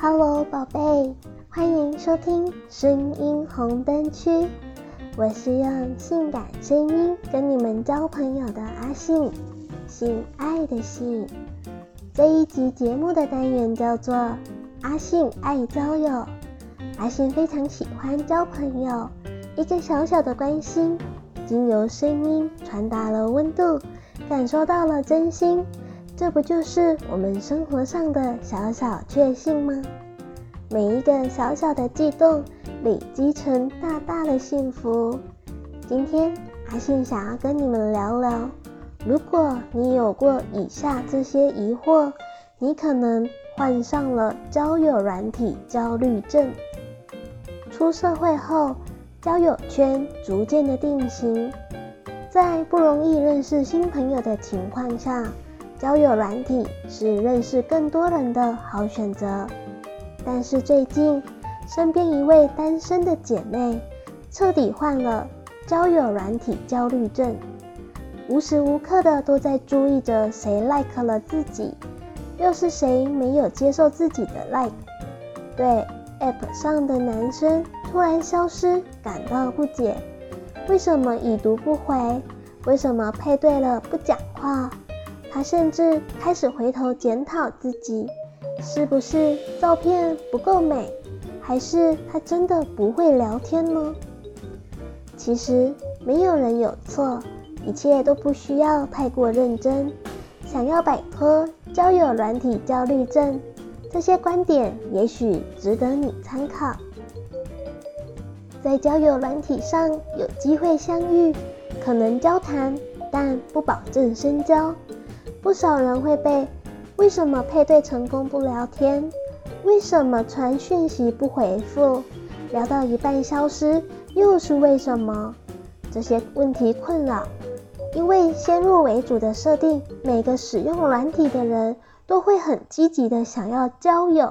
Hello，寶貝，歡迎收聽聲音紅燈區。我是用性感聲音跟你們交朋友的阿性，性愛的性。這一集節目的單元叫做《阿性愛交友》。阿性非常喜歡交朋友，一個小小的關心，經由聲音傳達了溫度，感受到了真心。這不就是我們生活上的小小確幸嗎？每一個小小的悸動，累積成大大的幸福。今天阿性想要跟你們聊聊，如果你有過以下這些疑惑，你可能患上了交友軟體焦慮症。出社會後，交友圈逐漸的定型，在不容易認識新朋友的情況下。交友軟體是認識更多人的好選擇，但是最近身邊一位單身的姐妹徹底患了交友軟體焦慮症，無時無刻的都在注意着誰 like 了自己，又是誰沒有接受自己的 like，對 app 上的男生突然消失感到不解，為什麼已讀不回？為什麼配對了不講話？他甚至開始回頭檢討自己，是不是照片不夠美，還是他真的不會聊天呢？其實沒有人有錯，一切都不需要太過認真。想要擺脫交友軟體焦慮症，這些觀點也許值得你參考。在交友軟體上有機會相遇，可能交談，但不保證深交。不少人會被為什麼配對成功不聊天，為什麼傳訊息不回覆聊到一半消失又是為什麼這些問題困擾。因為先入為主的設定，每個使用軟體的人都會很積極的想要交友，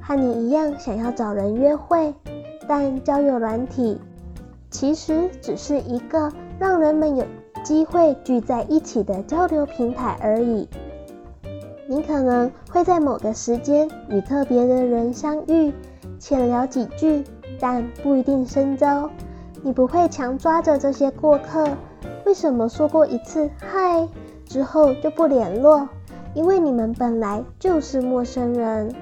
和你一樣想要找人約會，但交友軟體其實只是一個讓人們有。機會聚在一起的交流平台而已。你可能會在某個時間與特別的人相遇，淺聊幾句，但不一定深交。你不會強抓着這些過客。為什麼說過一次嗨之後就不聯絡？因為你們本來就是陌生人。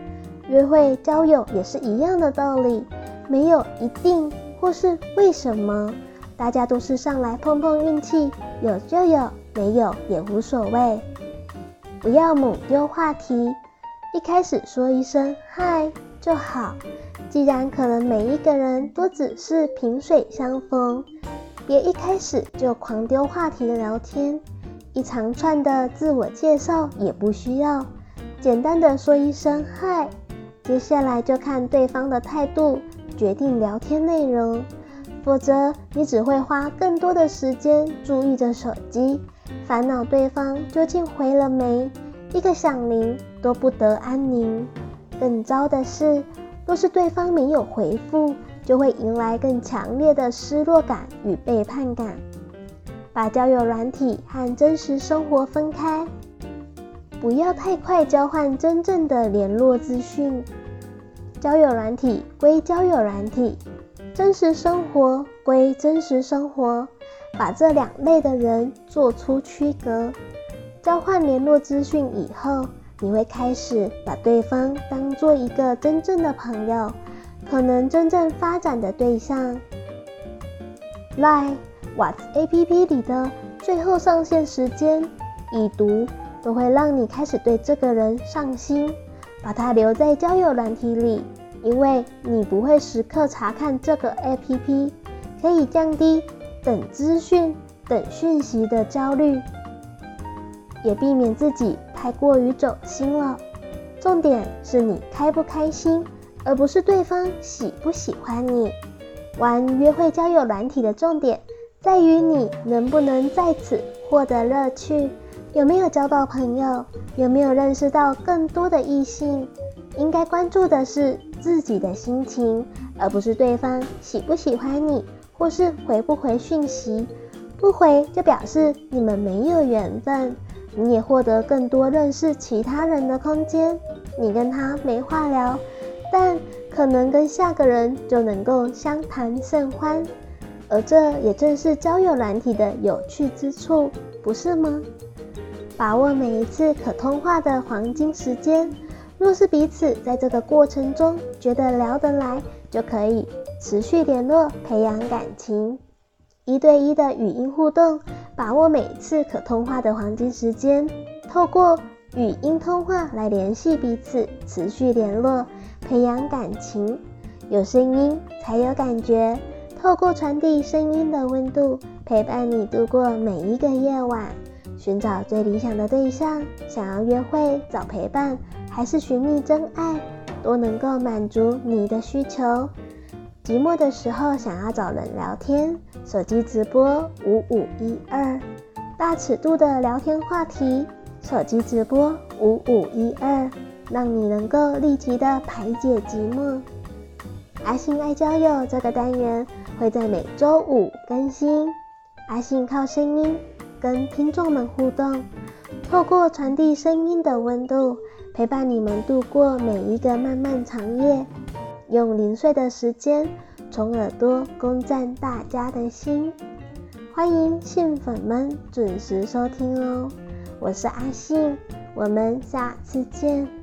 約會交友也是一樣的道理，沒有一定或是為什麼。大家都是上來碰碰運氣，有就有，沒有也無所謂。不要猛丟話題，一開始說一聲嗨就好。既然可能每一個人都只是萍水相逢，別一開始就狂丟話題的聊天，一長串的自我介紹也不需要。簡單的說一聲嗨，接下來就看對方的態度，決定聊天內容。否則，你只會花更多的時間注意着手機，煩惱對方究竟回了沒，一個響鈴都不得安寧。更糟的是，若是對方沒有回覆，就會迎來更強烈的失落感與背叛感。把交友軟體和真實生活分開，不要太快交換真正的聯絡資訊。交友軟體歸交友軟體，真實生活歸真實生活，把這兩類的人做出區隔。交換聯絡資訊以後，你會開始把對方當做一個真正的朋友，可能真正發展的對象。LINE、WhatsApp 裡的最後上線時間、已讀，都會讓你開始對這個人上心。把它留在交友軟體裡，因為你不會時刻查看這個 APP，可以降低等資訊、等訊息的焦慮，也避免自己太過於走心了。重點是你開不開心，而不是對方喜不喜歡你。玩約會交友軟體的重點，在於你能不能在此獲得樂趣。有沒有交到朋友？有沒有認識到更多的異性？應該關注的是自己的心情，而不是對方喜不喜歡你，或是回不回訊息。不回就表示你們沒有緣分，你也獲得更多認識其他人的空間。你跟他沒話聊，但可能跟下個人就能夠相談甚歡。而這也正是交友軟體的有趣之處，不是嗎？把握每一次可通話的黃金時間，若是彼此在這個過程中覺得聊得來，就可以持續聯絡，培養感情。一對一的語音互動，把握每一次可通話的黃金時間，透過語音通話來聯繫彼此，持續聯絡，培養感情。有聲音才有感覺，透過傳遞聲音的溫度，陪伴你度過每一個夜晚。尋找最理想的對象，想要約會找陪伴，還是尋覓真愛，都能夠滿足你的需求。寂寞的時候想要找人聊天，手機直播五五一二，大尺度的聊天話題，手機直播五五一二，讓你能夠立即的排解寂寞。阿性愛交友這個單元會在每周五更新。阿性靠聲音。跟聽眾們互動，透過傳遞聲音的溫度，陪伴你們度過每一個漫漫長夜，用零碎的時間從耳朵攻占大家的心。歡迎性粉們準時收聽哦，我是阿性，我們下次見。